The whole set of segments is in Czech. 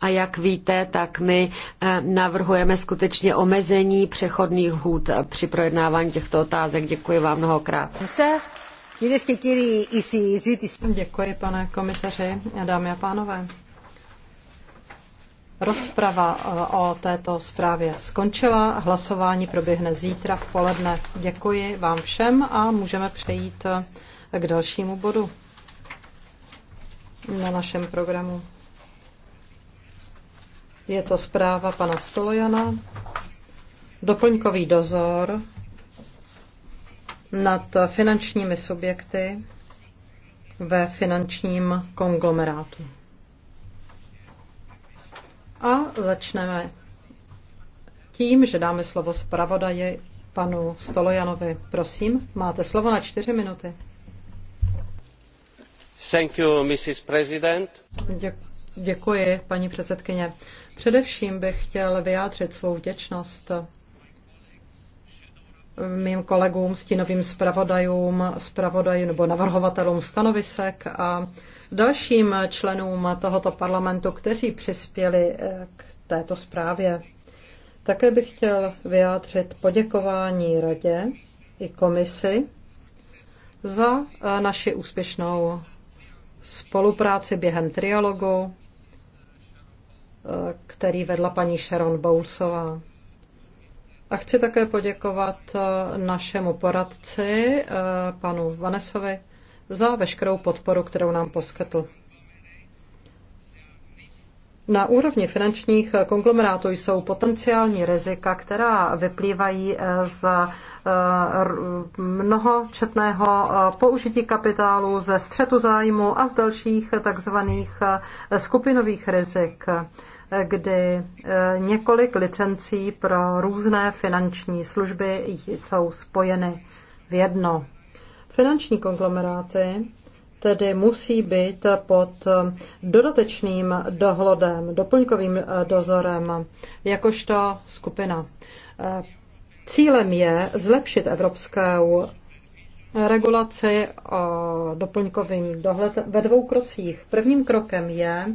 A jak víte, tak my eh, navrhujeme skutečně omezení přechodných lhůt eh, při projednávání těchto otázek. Děkuji vám mnohokrát. Děkuji, pane komisaři, dámy a pánové. Rozprava eh, o této zprávě skončila. Hlasování proběhne zítra v poledne. Děkuji vám všem a můžeme přejít k dalšímu bodu na našem programu. Je to zpráva pana Stolojana. Doplňkový dozor nad finančními subjekty ve finančním konglomerátu. A začneme tím, že dáme slovo zpravodaji panu Stolojanovi. Prosím, máte slovo na čtyři minuty. Thank you, Mrs. President. Děkuji Děkuji, paní předsedkyně. Především bych chtěl vyjádřit svou vděčnost mým kolegům, stínovým zpravodajům, zpravodajům nebo navrhovatelům stanovisek a dalším členům tohoto parlamentu, kteří přispěli eh, k této zprávě. Také bych chtěl vyjádřit poděkování radě i komisi za eh, naši úspěšnou spolupráci během trialogu který vedla paní Sharon Bowlesová. A chci také poděkovat eh, našemu poradci, eh, panu Vanesovi, za veškerou podporu, kterou nám poskytl. Na úrovni finančních konglomerátů jsou potenciální rizika, která vyplývají eh, z eh, mnohočetného eh, použití kapitálu, ze střetu zájmu a z dalších takzvaných skupinových rizik, kdy několik licencí pro různé finanční služby jsou spojeny v jedno. Finanční konglomeráty tedy musí být pod dodatečným dohlodem, doplňkovým eh, dozorem, jakožto skupina. Eh, cílem je zlepšit evropskou regulaci o doplňkovým dohledem. ve dvou krocích. Prvním krokem je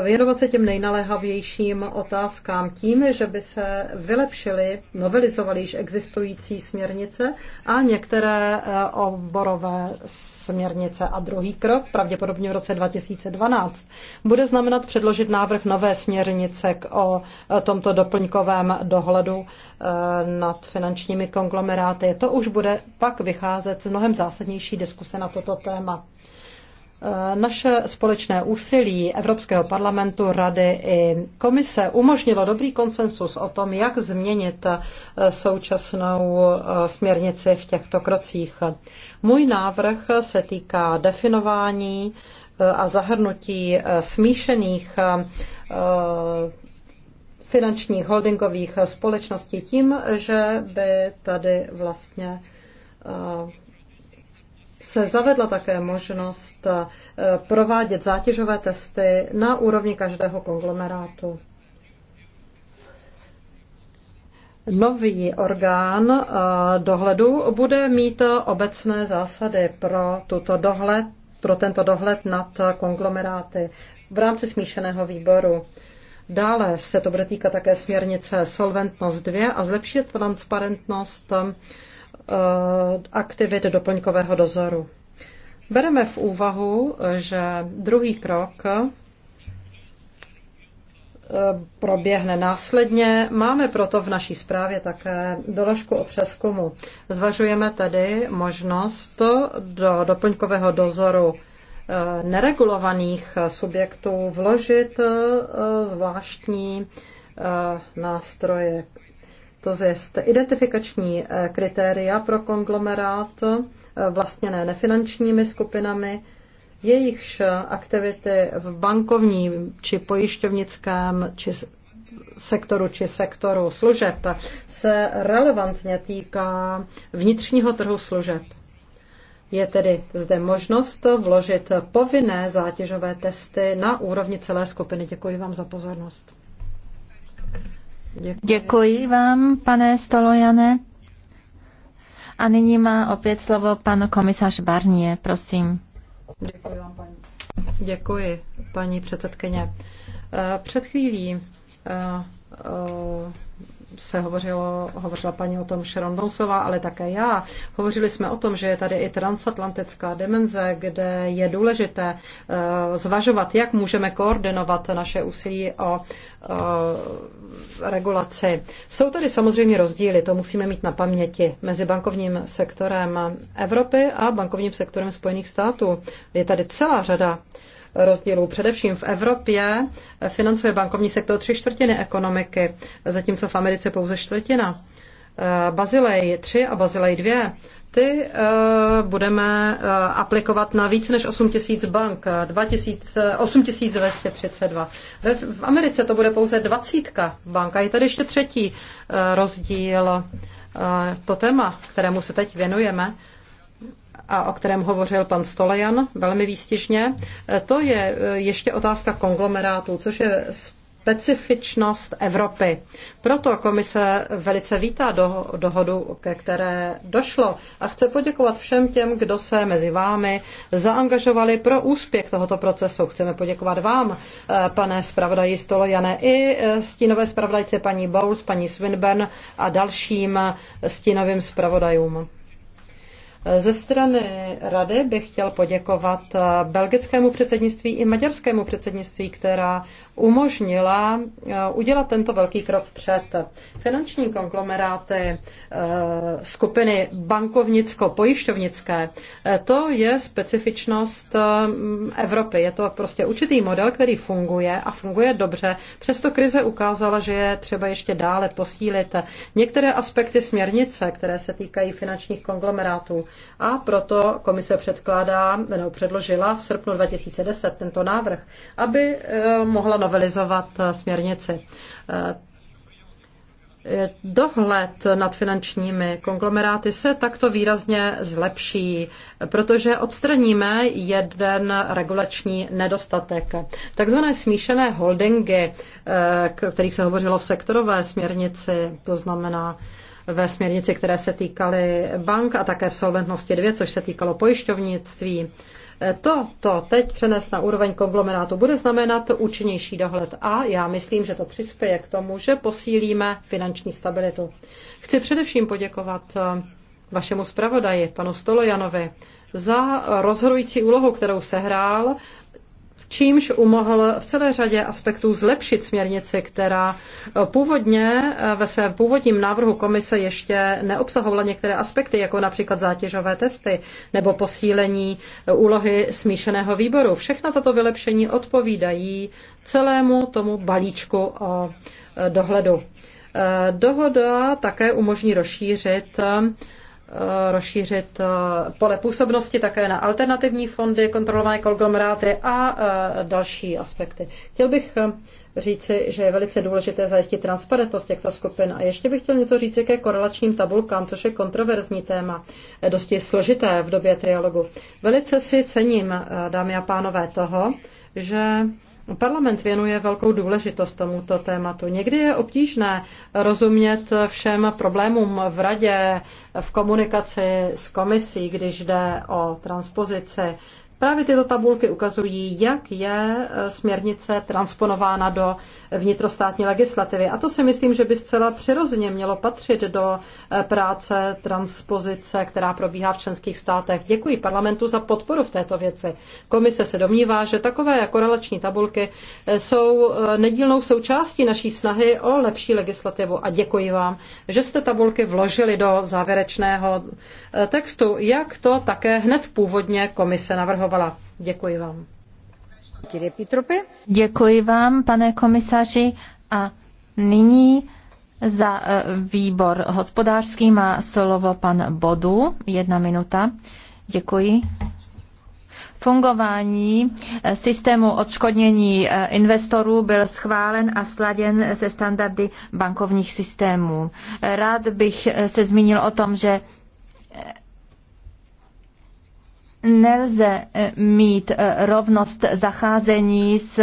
věnovat se těm nejnaléhavějším otázkám tím, že by se vylepšily, novelizovaly již existující směrnice a některé eh, oborové směrnice. A druhý krok, pravděpodobně v roce 2012, bude znamenat předložit návrh nové směrnice k o eh, tomto doplňkovém dohledu eh, nad finančními konglomeráty. To už bude pak vycházet z mnohem zásadnější diskuse na toto téma. Naše společné úsilí Evropského parlamentu, Rady i Komise umožnilo dobrý konsensus o tom, jak změnit eh, současnou eh, směrnici v těchto krocích. Můj návrh se týká definování eh, a zahrnutí smíšených finančních holdingových společností tím, že by tady vlastně se zavedla také možnost eh, provádět zátěžové testy na úrovni každého konglomerátu. Nový orgán eh, dohledu bude mít obecné zásady pro, tuto dohled, pro tento dohled nad konglomeráty v rámci smíšeného výboru. Dále se to bude týkat také směrnice Solventnost 2 a zlepšit transparentnost eh, Eh, aktivit doplňkového dozoru. Bereme v úvahu, že druhý krok eh, proběhne následně. Máme proto v naší zprávě také doložku o přeskumu. Zvažujeme tedy možnost do doplňkového dozoru eh, neregulovaných subjektů vložit zvláštní nástroje to jest identifikační eh, kritéria pro konglomerát eh, vlastněné nefinančními skupinami, jejichž aktivity v bankovním či pojišťovnickém či sektoru či sektoru služeb se relevantně týká vnitřního trhu služeb. Je tedy zde možnost vložit povinné zátěžové testy na úrovni celé skupiny. Děkuji vám za pozornost. Děkuji vám, pane Stolojane. A nyní má opět slovo pan komisař Barnie, prosím. Děkuji vám, paní. Děkuji, paní předsedkyně. Eh, před chvílí eh, eh, se hovořilo, hovořila paní o tom Sharon Bowsová, ale také já. Hovořili jsme o tom, že je tady i transatlantická dimenze, kde je důležité eh, zvažovat, jak můžeme koordinovat naše úsilí o eh, regulaci. Jsou tady samozřejmě rozdíly, to musíme mít na paměti, mezi bankovním sektorem Evropy a bankovním sektorem Spojených států. Je tady celá řada uh, rozdílů. Především v Evropě financuje bankovní sektor tři čtvrtiny ekonomiky, zatímco v Americe pouze čtvrtina. Eh, Bazilej 3 a Bazilej 2 ty eh, budeme eh, aplikovat na více než 8 tisíc bank, 8232. Ve, v Americe to bude pouze 20 bank a je tady ještě třetí rozdíl. to téma, kterému se teď věnujeme, a o kterém hovořil pan Stolejan velmi výstižně, e, to je e, ještě otázka konglomerátů, což je specifičnost Evropy. Proto komise velice vítá do, dohodu, ke které došlo a chce poděkovat všem těm, kdo se mezi vámi zaangažovali pro úspěch tohoto procesu. Chceme poděkovat vám, e, pane zpravodaji Stolojane, i stínové zpravodajce paní Bowles, paní Swinburne a dalším stínovým zpravodajům. Ze strany Rady bych chtěl poděkovat eh, belgickému předsednictví i maďarskému předsednictví, která umožnila eh, udělat tento velký krok před Finanční konglomeráty eh, skupiny bankovnicko-pojišťovnické, to je specifičnost Evropy. Je to prostě určitý model, který funguje a funguje dobře. Přesto krize ukázala, že je třeba ještě dále posílit některé aspekty směrnice, které se týkají finančních konglomerátů a proto komise předkládá, nebo předložila v srpnu 2010 tento návrh, aby e, mohla novelizovat e, směrnici. E, dohled nad finančními konglomeráty se takto výrazně zlepší, protože odstraníme jeden regulační nedostatek. Takzvané smíšené holdingy, o kterých se hovořilo v sektorové směrnici, to znamená ve směrnici, které se týkaly bank a také v solventnosti 2, což se týkalo pojišťovnictví. To, to teď přenes na úroveň konglomerátu bude znamenat účinnější dohled a já myslím, že to přispěje k tomu, že posílíme finanční stabilitu. Chci především poděkovat eh, vašemu zpravodaji, panu Stolojanovi, za rozhodující úlohu, kterou sehrál čímž umohl v celé řadě aspektů zlepšit směrnici, která původně ve svém původním návrhu komise ještě neobsahovala některé aspekty, jako například zátěžové testy nebo posílení úlohy smíšeného výboru. Všechna tato vylepšení odpovídají celému tomu balíčku o e, dohledu. E, dohoda také umožní rozšířit Eh, rozšířit eh, pole působnosti také na alternativní fondy, kontrolované konglomeráty a eh, další aspekty. Chtěl bych říci, že je velice důležité zajistit transparentnost těchto skupin. A ještě bych chtěl něco říci ke korelačním tabulkám, což je kontroverzní téma, dosti složité v době trialogu. Velice si cením, dámy a pánové, toho, že Parlament věnuje velkou důležitost tomuto tématu. Někdy je obtížné rozumět všem problémům v radě, v komunikaci s komisí, když jde o transpozici Právě tyto tabulky ukazují, jak je eh, směrnice transponována do vnitrostátní legislativy. A to si myslím, že by zcela přirozeně mělo patřit do eh, práce transpozice, která probíhá v členských státech. Děkuji parlamentu za podporu v této věci. Komise se domnívá, že takové jako relační tabulky eh, jsou nedílnou součástí naší snahy o lepší legislativu. A děkuji vám, že jste tabulky vložili do závěrečného textu, jak to také hned původně komise navrhovala podporovala. Děkuji vám. Děkuji vám, pane komisaři. A nyní za eh, výbor hospodářský má slovo pan Bodu. Jedna minuta. Děkuji fungování eh, systému odškodnění eh, investorů byl schválen a sladěn se standardy bankovních systémů. Rád bych se zmínil o tom, že nelze eh, mít eh, rovnost zacházení s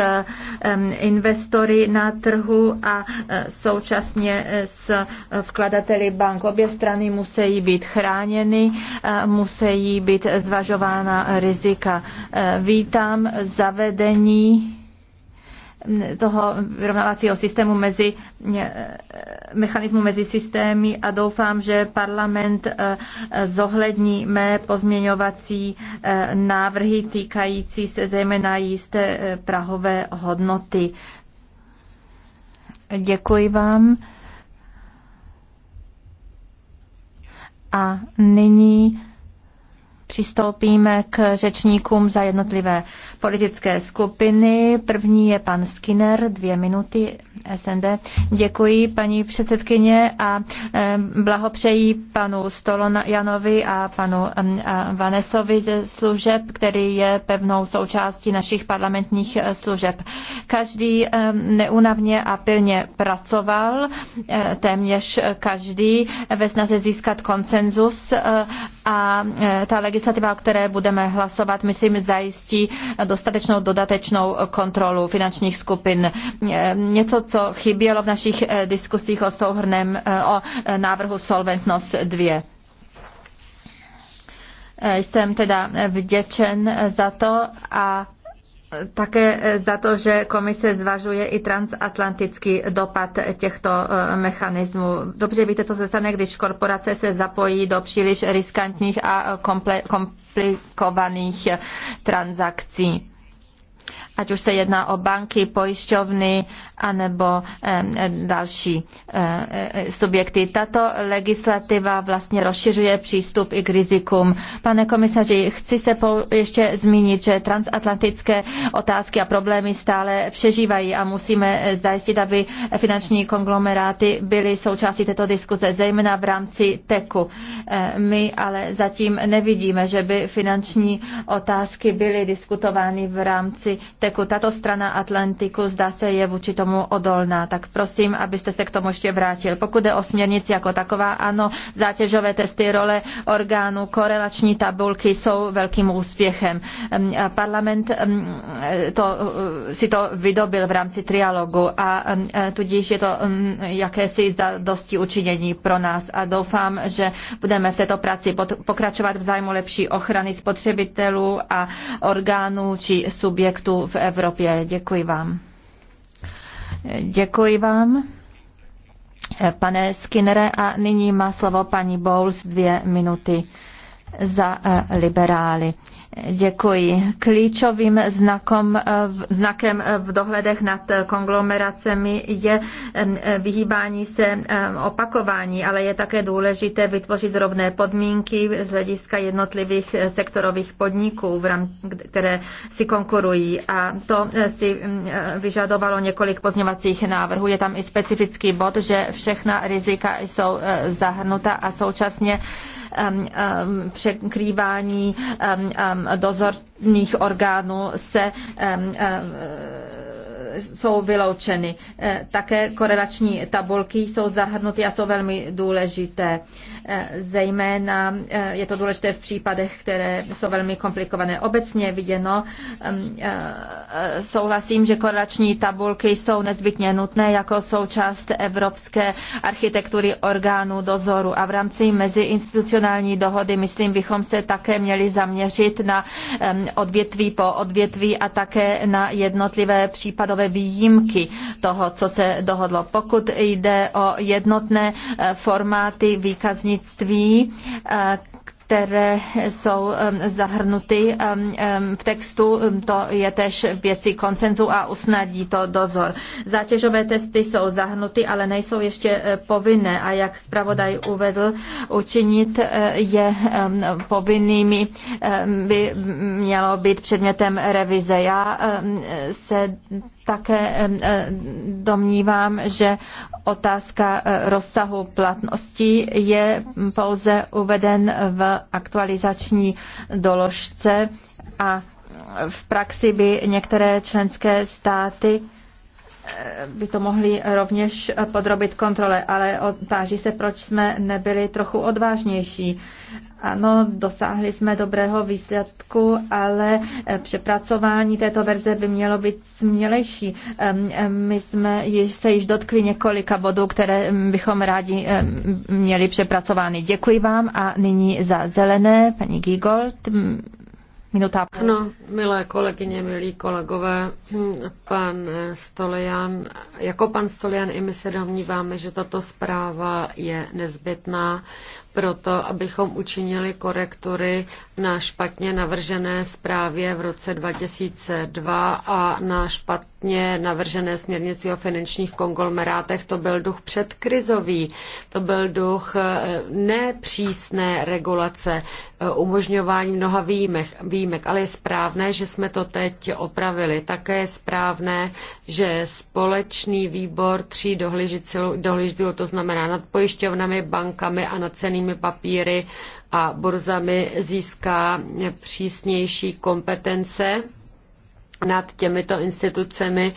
investory na trhu a eh, současně s vkladateli bank. Obě strany musí být chráněny, musí být zvažována rizika. Vítám zavedení toho vyrovnávacího systému mezi eh, mechanismu mezi systémy a doufám, že parlament eh, zohlední mé pozměňovací eh, návrhy týkající se zejména jisté prahové hodnoty. Děkuji vám. A nyní přistoupíme k řečníkům za jednotlivé politické skupiny. První je pan Skinner, dvě minuty SND. Děkuji paní předsedkyně a blahopřeji panu Stolonjanovi a panu Vanesovi ze služeb, který je pevnou součástí našich parlamentních e, služeb. Každý neunavně a pilně pracoval, e, téměř každý ve snaze získat konsenzus e, a ta legislativa legislativa, o které budeme hlasovat, myslím, zajistí dostatečnou dodatečnou kontrolu finančních skupin. Něco, co chybělo v našich eh, diskusích o souhrném, eh, o eh, návrhu Solventnost 2. Jsem teda vděčen za to a také eh, za to, že komise zvažuje i transatlantický dopad těchto eh, mechanismů. Dobře víte, co se stane, když korporace se zapojí do příliš riskantních a eh, komplikovaných transakcí ať už se jedná o banky, pojišťovny anebo další eh, eh, subjekty. Tato legislativa vlastně rozšiřuje přístup i k rizikům. Pane komisaři, chci se ještě zmínit, že transatlantické otázky a problémy stále přežívají a musíme eh, zajistit, aby finanční konglomeráty byly součástí této diskuze, zejména v rámci TECu. My ale zatím nevidíme, že by finanční otázky byly diskutovány v rámci TECu úseku tato strana Atlantiku zdá se je vůči tomu odolná, tak prosím, abyste se k tomu ještě vrátil. Pokud je o směrnici jako taková, ano, zátěžové testy role orgánů, korelační tabulky jsou velkým úspěchem. Parlament to, e, si to vydobil v rámci trialogu a e, tudíž je to jakési dosti učinění pro nás a doufám, že budeme v této práci pokračovat v zájmu lepší ochrany spotřebitelů a orgánů či subjektů v Evropě. Děkuji vám. Děkuji vám, pane Skinnere. A nyní má slovo paní Bowles dvě minuty za liberály. Děkuji. Klíčovým znakom, eh, znakem eh, v dohledech nad eh, konglomeracemi je vyhýbání se opakování, ale je také důležité vytvořit rovné podmínky z hlediska jednotlivých sektorových podniků, které si konkurují. A to si mm, vyžadovalo několik pozněvacích návrhů. Je tam i specifický bod, že všechna rizika jsou zahrnuta a současně překrývání dozorných orgánů se jsou vyloučeny. Eh, také korelační tabulky jsou zahrnuty a jsou velmi důležité. Eh, zejména eh, je to důležité v případech, které jsou velmi komplikované. Obecně viděno mm, souhlasím, že korelační tabulky jsou nezbytně nutné jako součást evropské architektury orgánů dozoru a v rámci meziinstitucionální dohody, myslím, bychom se také měli zaměřit na mm, odvětví po odvětví a také na jednotlivé případové takové výjimky toho, co se dohodlo. Pokud jde o jednotné eh, formáty výkaznictví, eh, které jsou ehm, zahrnuty ehm, ehm, v textu. To je tež věcí koncenzu a usnadí to dozor. Zátěžové testy jsou zahrnuty, ale nejsou ještě eh, povinné a jak zpravodaj uvedl, učinit je povinnými by mělo být předmětem revize. Já se také eh, domnívám, že otázka eh, rozsahu platnosti je pouze uveden v aktualizační doložce a v praxi by některé členské státy by to mohli rovněž podrobit kontrole, ale otáží se, proč jsme nebyli trochu odvážnější. Ano, dosáhli jsme dobrého výsledku, ale eh, přepracování této verze by mělo být smělejší. Ehm, ehm, my jsme se již dotkli několika bodů, které ehm, bychom rádi měli přepracovány. Děkuji vám a nyní za zelené, paní Gigold. Minuta. Ano, milé kolegyně, milí kolegové, pan Stolian, jako pan Stolian i my se domníváme, že tato zpráva je nezbytná proto, abychom učinili korektury na špatně navržené zprávě v roce 2002 a na špatně navržené směrnici o finančních konglomerátech. To byl duch předkrizový, to byl duch eh, nepřísné regulace, eh, umožňování mnoha výjimek, výjimek, ale je správné, že jsme to teď opravili. Také je správné, že společný výbor tří dohlížitelů, to znamená nad pojišťovnami, bankami a nad cenými cenými papíry a burzami získá přísnější kompetence nad těmito institucemi,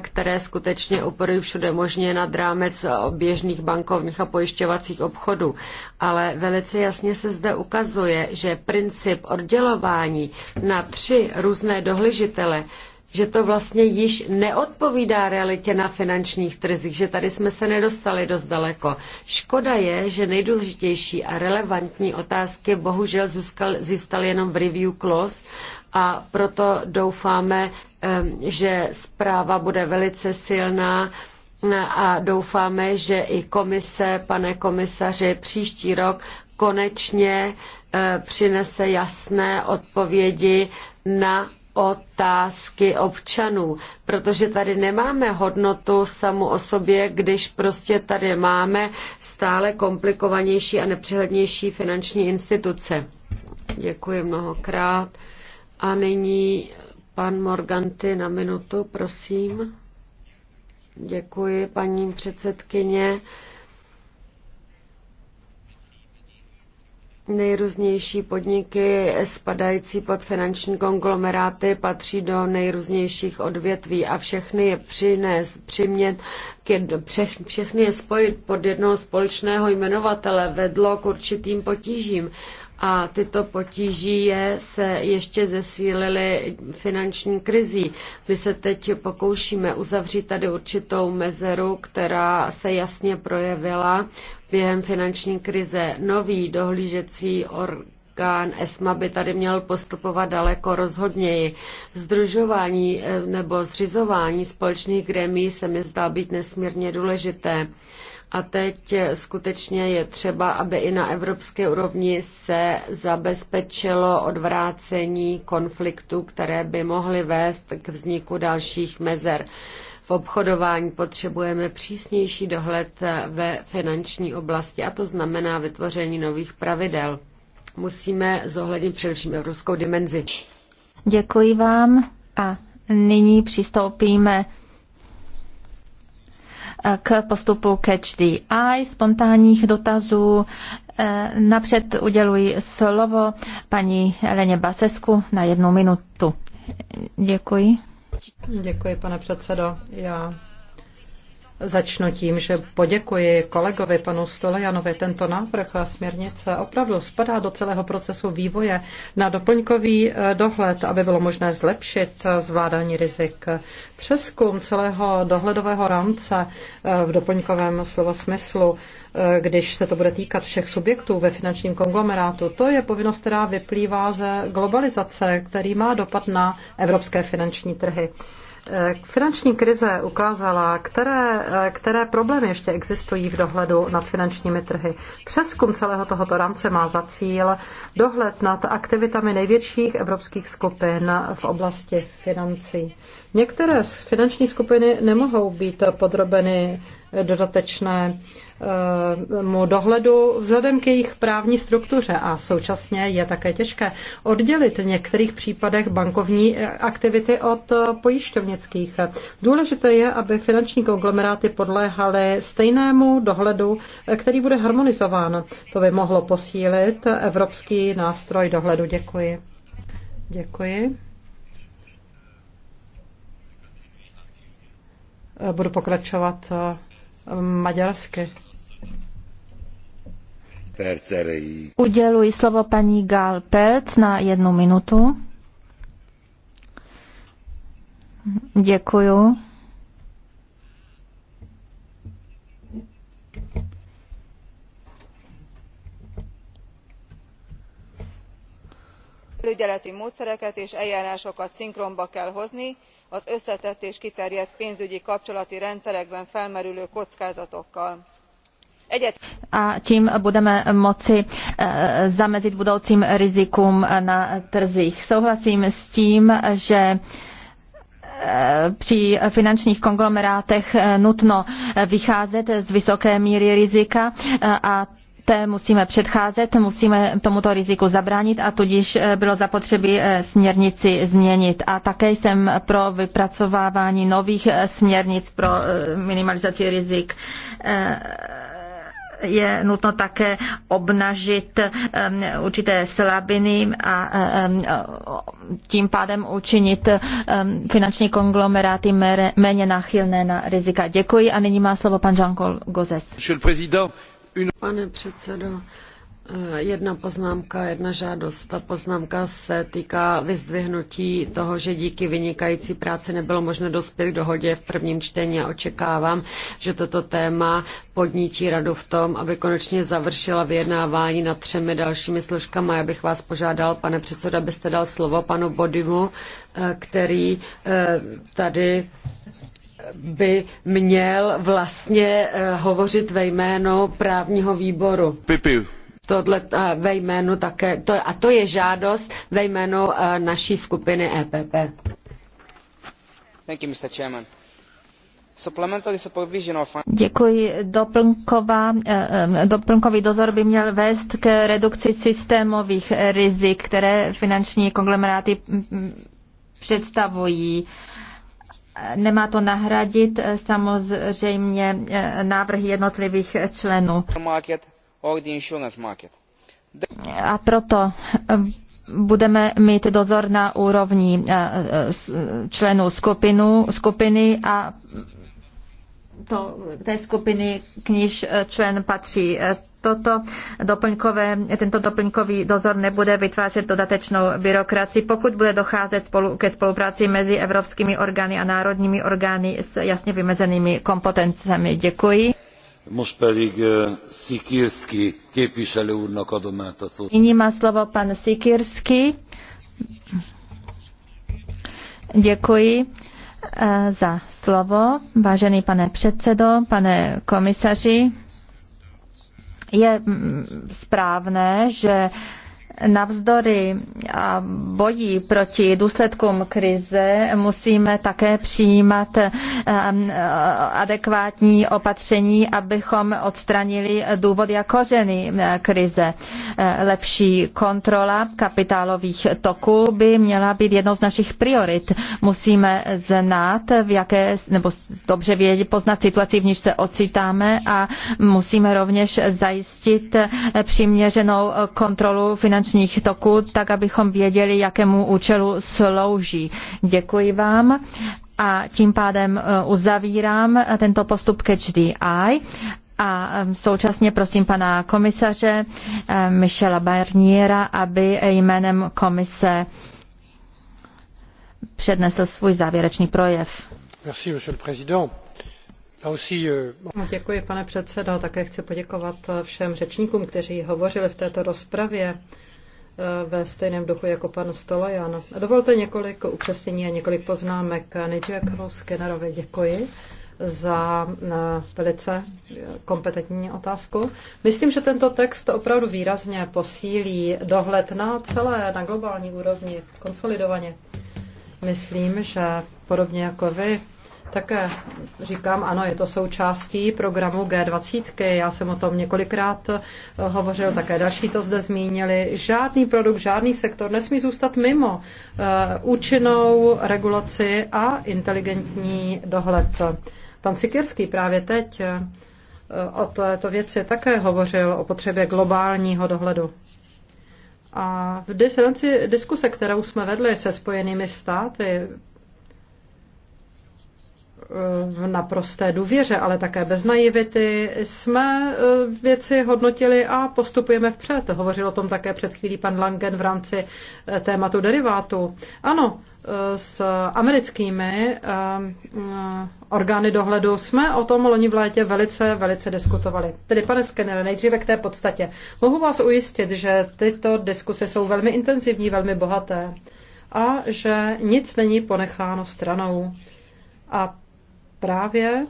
které skutečně operují všude možně nad rámec běžných bankovních a pojišťovacích obchodů. Ale velice jasně se zde ukazuje, že princip oddělování na tři různé dohležitele že to vlastně již neodpovídá realitě na finančních trzích, že tady jsme se nedostali dost daleko. Škoda je, že nejdůležitější a relevantní otázky bohužel zůstaly jenom v review clause a proto doufáme, že zpráva bude velice silná a doufáme, že i komise, pane komisaři, příští rok konečně přinese jasné odpovědi na otázky občanů, protože tady nemáme hodnotu samu o sobě, když prostě tady máme stále komplikovanější a nepřehlednější finanční instituce. Děkuji mnohokrát. A nyní pan Morganti na minutu, prosím. Děkuji, paní předsedkyně. nejrůznější podniky spadající pod finanční konglomeráty patří do nejrůznějších odvětví a všechny je přinést, přimět, všechny je spojit pod jednoho společného jmenovatele vedlo k určitým potížím a tyto potíží se ještě zesílily finanční krizí. My se teď pokoušíme uzavřít tady určitou mezeru, která se jasně projevila během finanční krize. Nový dohlížecí orgán orgán ESMA by tady měl postupovat daleko rozhodněji. Združování eh, nebo zřizování společných gremí se mi zdá být nesmírně důležité. A teď skutečně je třeba, aby i na evropské úrovni se zabezpečilo odvrácení konfliktů, které by mohly vést k vzniku dalších mezer. V obchodování potřebujeme přísnější dohled ve finanční oblasti a to znamená vytvoření nových pravidel. Musíme zohlednit především evropskou dimenzi. Děkuji vám a nyní přistoupíme k postupu Catch the Eye, spontánních dotazů. Eh, napřed uděluji slovo paní Eleně Basesku na jednu minutu. Děkuji. Děkuji, pane předsedo. Já Začnu tím, že poděkuji kolegovi panu Stolejanovi. Tento návrh a směrnice opravdu spadá do celého procesu vývoje na doplňkový eh, dohled, aby bylo možné zlepšit eh, zvládání rizik. Přeskum celého dohledového rámce eh, v doplňkovém slova smyslu, když se to bude týkat všech subjektů ve finančním konglomerátu, to je povinnost, která vyplývá ze globalizace, který má dopad na evropské finanční trhy. Eh, finanční krize ukázala, které, eh, které problémy ještě existují v dohledu nad finančními trhy. Přeskum celého tohoto rámce má za cíl dohled nad aktivitami největších evropských skupin v oblasti financí. Některé z finanční skupiny nemohou být podrobeny dodatečnému eh, dohledu vzhledem k jejich právní struktuře a současně je také těžké oddělit v některých případech bankovní aktivity od eh, pojišťovnických. Důležité je, aby finanční konglomeráty podléhaly stejnému dohledu, eh, který bude harmonizován. To by mohlo posílit evropský nástroj dohledu. Děkuji. Děkuji. budu pokračovat maďarsky. Uděluji slovo paní Gál Pelc na jednu minutu. Děkuju. felügyeleti módszereket és eljárásokat szinkronba kell hozni az összetett és kiterjedt pénzügyi kapcsolati rendszerekben felmerülő kockázatokkal. a tím budeme moci eh, zamezit budoucím rizikům na trzích. souhlasím s tím že eh, při finančních konglomerátech eh, nutno vycházet z vysoké míry rizika a té musíme předcházet, musíme tomuto riziku zabránit a tudíž eh, bylo zapotřebí eh, směrnici změnit. A také jsem pro vypracovávání nových eh, směrnic pro minimalizaci rizik je nutno také obnažit určité slabiny a tím pádem učinit finanční konglomeráty méně náchylné na rizika. Děkuji a nyní má slovo pan Jean-Claude Gozes. Pane předsedo, eh, Jedna poznámka, jedna žádost. Ta poznámka se týká vyzdvihnutí toho, že díky vynikající práci nebylo možné dospět k dohodě v prvním čtení a očekávám, že toto téma podnítí radu v tom, aby konečně završila vyjednávání nad třemi dalšími složkami. Já bych vás požádal, pane předsedo, abyste dal slovo panu Bodimu, eh, který eh, tady by měl vlastně eh, hovořit ve jménu právního výboru. Pipi. Tohle eh, ve jménu také, to, a to je žádost ve jménu eh, naší skupiny EPP. Thank you, Mr. Chairman. Děkuji. Doplnková, doplnkový dozor by měl vést k redukci systémových rizik, které finanční konglomeráty mm, mm, představují Nemá to nahradit eh, samozřejmě eh, návrhy jednotlivých členů. A proto eh, budeme mít dozor na úrovni členů skupinu, skupiny a to, té skupiny, k níž eh, člen patří. Eh, toto doplňkové, tento doplňkový dozor nebude vytvářet dodatečnou byrokracii, pokud bude docházet spolu, ke spolupráci mezi evropskými orgány a národními orgány s jasně vymezenými kompetencemi. Děkuji. Most pedig eh, Szikirski képviselő úrnak adom át a szót. Nyní má slovo pan Szikirski. Děkuji. Eh, za slovo, vážený pane předsedo, pane komisaři. Je mm, správné, že Navzdory a boji proti důsledkům krize musíme také přijímat adekvátní opatření, abychom odstranili důvody a jako kořeny e, krize. E, lepší kontrola kapitálových toků by měla být jednou z našich priorit. Musíme znát, v jaké, nebo dobře vědět, poznat situaci, v níž se ocitáme a musíme rovněž zajistit e, přiměřenou kontrolu finanční finančních toků, tak abychom věděli, jakému účelu slouží. Děkuji vám a tím pádem e, uzavírám tento postup the Eye. a e, současně prosím pana komisaře e, Michela Barniera, aby jménem komise přednesl svůj závěrečný projev. Merci, euh, Děkuji, pane předsedo. Také chci poděkovat všem řečníkům, kteří hovořili v této rozpravě. Eh, ve stejném duchu jako pan Stolajan. Dovolte několik upřesnění a několik poznámek. Nejdříve Karlu Skinnerovi děkuji za eh, velice eh, kompetentní otázku. Myslím, že tento text opravdu výrazně posílí dohled na celé, na globální úrovni, konsolidovaně. Myslím, že podobně jako vy, také říkám, ano, je to součástí programu G20. Já jsem o tom několikrát eh, hovořil, také další to zde zmínili. Žádný produkt, žádný sektor nesmí zůstat mimo eh, účinnou regulaci a inteligentní dohled. Pan Sikirský právě teď eh, o této věci také hovořil, o potřebě globálního dohledu. A v diskuse, kterou jsme vedli se Spojenými státy, v naprosté důvěře, ale také bez naivity jsme e, věci hodnotili a postupujeme vpřed. Hovořil o tom také před chvílí pan Langen v rámci e, tématu derivátu. Ano, e, s americkými orgány dohledu jsme o tom loni v létě velice, velice diskutovali. Tedy, pane Skenner, nejdříve k té podstatě. Mohu vás ujistit, že tyto diskuse jsou velmi intenzivní, velmi bohaté a že nic není ponecháno stranou. A právě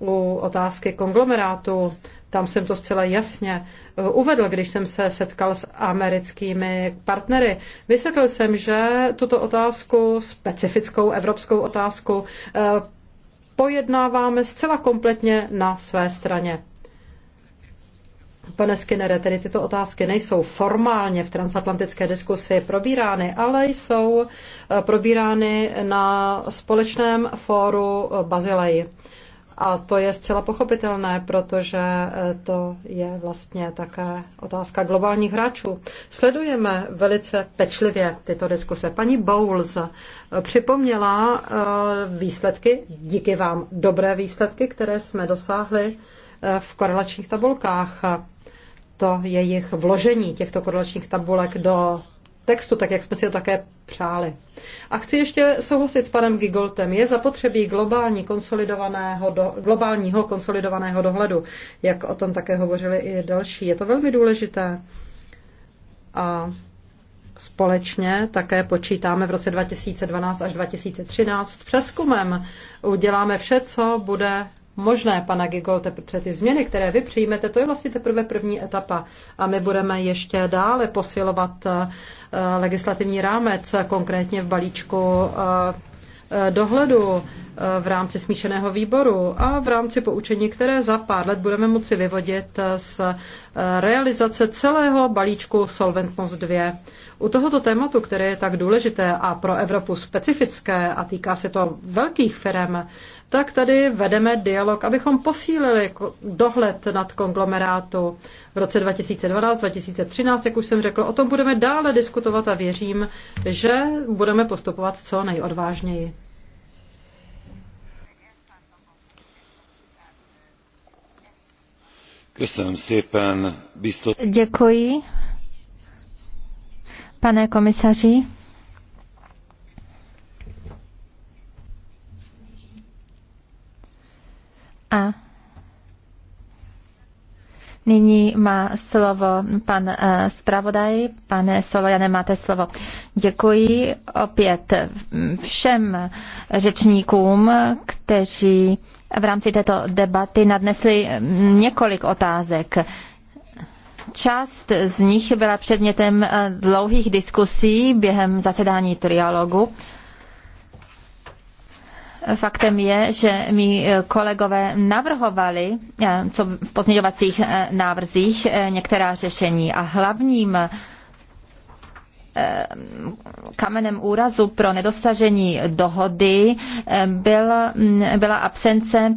u otázky konglomerátu, tam jsem to zcela jasně eh, uvedl, když jsem se setkal s americkými partnery. Vysvětlil jsem, že tuto otázku, specifickou evropskou otázku, eh, pojednáváme zcela kompletně na své straně. Pane Skinnere, tedy tyto otázky nejsou formálně v transatlantické diskusi probírány, ale jsou eh, probírány na společném fóru eh, Bazileji. A to je zcela pochopitelné, protože eh, to je vlastně také otázka globálních hráčů. Sledujeme velice pečlivě tyto diskuse. Paní Bowles připomněla výsledky, díky vám dobré výsledky, které jsme dosáhli v korelačních tabulkách to jejich vložení těchto korelačních tabulek do textu, tak jak jsme si to také přáli. A chci ještě souhlasit s panem Gigoltem. Je zapotřebí globální konsolidovaného do, globálního konsolidovaného dohledu, jak o tom také hovořili i další. Je to velmi důležité. A společně také počítáme v roce 2012 až 2013 s přeskumem. Uděláme vše, co bude možné, pana Gigolte, protože ty změny, které vy přijmete, to je vlastně teprve první etapa. A my budeme ještě dále posilovat eh, legislativní rámec, konkrétně v balíčku eh, eh, dohledu v rámci smíšeného výboru a v rámci poučení, které za pár let budeme moci vyvodit z eh, realizace celého balíčku Solventnost 2. U tohoto tématu, které je tak důležité a pro Evropu specifické a týká se to velkých firm, tak tady vedeme dialog, abychom posílili dohled nad konglomerátu v roce 2012, 2013, jak už jsem řekl, o tom budeme dále diskutovat a věřím, že budeme postupovat co nejodvážněji. Děkuji. Pane komisaři. A Nyní má slovo pan eh, zpravodaj. Pane Solojane, máte slovo. Děkuji opět všem řečníkům, kteří v rámci této debaty nadnesli několik otázek. Část z nich byla předmětem eh, dlouhých diskusí během zasedání trialogu. Faktem je, že mi eh, kolegové navrhovali eh, co v pozměňovacích eh, návrzích některá řešení a hlavním kamenem úrazu pro nedosažení dohody byl, mm, byla absence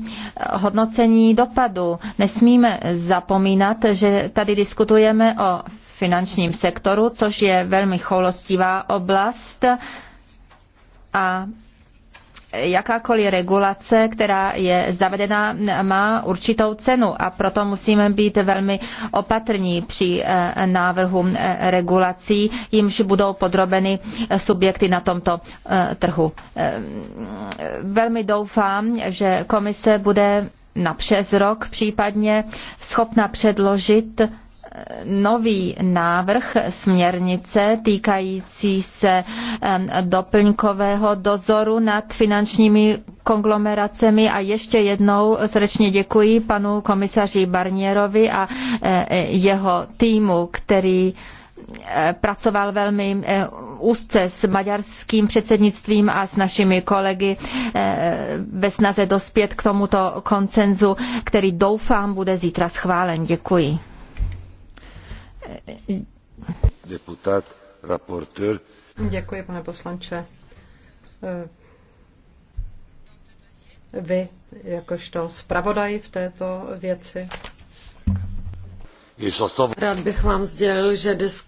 hodnocení dopadu. Nesmíme zapomínat, že tady diskutujeme o finančním sektoru, což je velmi choulostivá oblast a jakákoliv regulace, která je zavedena, má určitou cenu a proto musíme být velmi opatrní při eh, návrhu eh, regulací, jimž budou podrobeny eh, subjekty na tomto trhu. Velmi doufám, že komise bude na přes rok případně schopna předložit nový návrh směrnice týkající se doplňkového dozoru nad finančními konglomeracemi a ještě jednou srdečně děkuji panu komisaři Barnierovi a e, jeho týmu, který e, pracoval velmi e, úzce s maďarským předsednictvím a s našimi kolegy ve snaze dospět k tomuto koncenzu, který doufám bude zítra schválen. Děkuji. Deputát, raportér. Děkuji, pane poslanče. Eh, vy, jakožto zpravodaj v této věci. Rád bych vám sdělil, že disk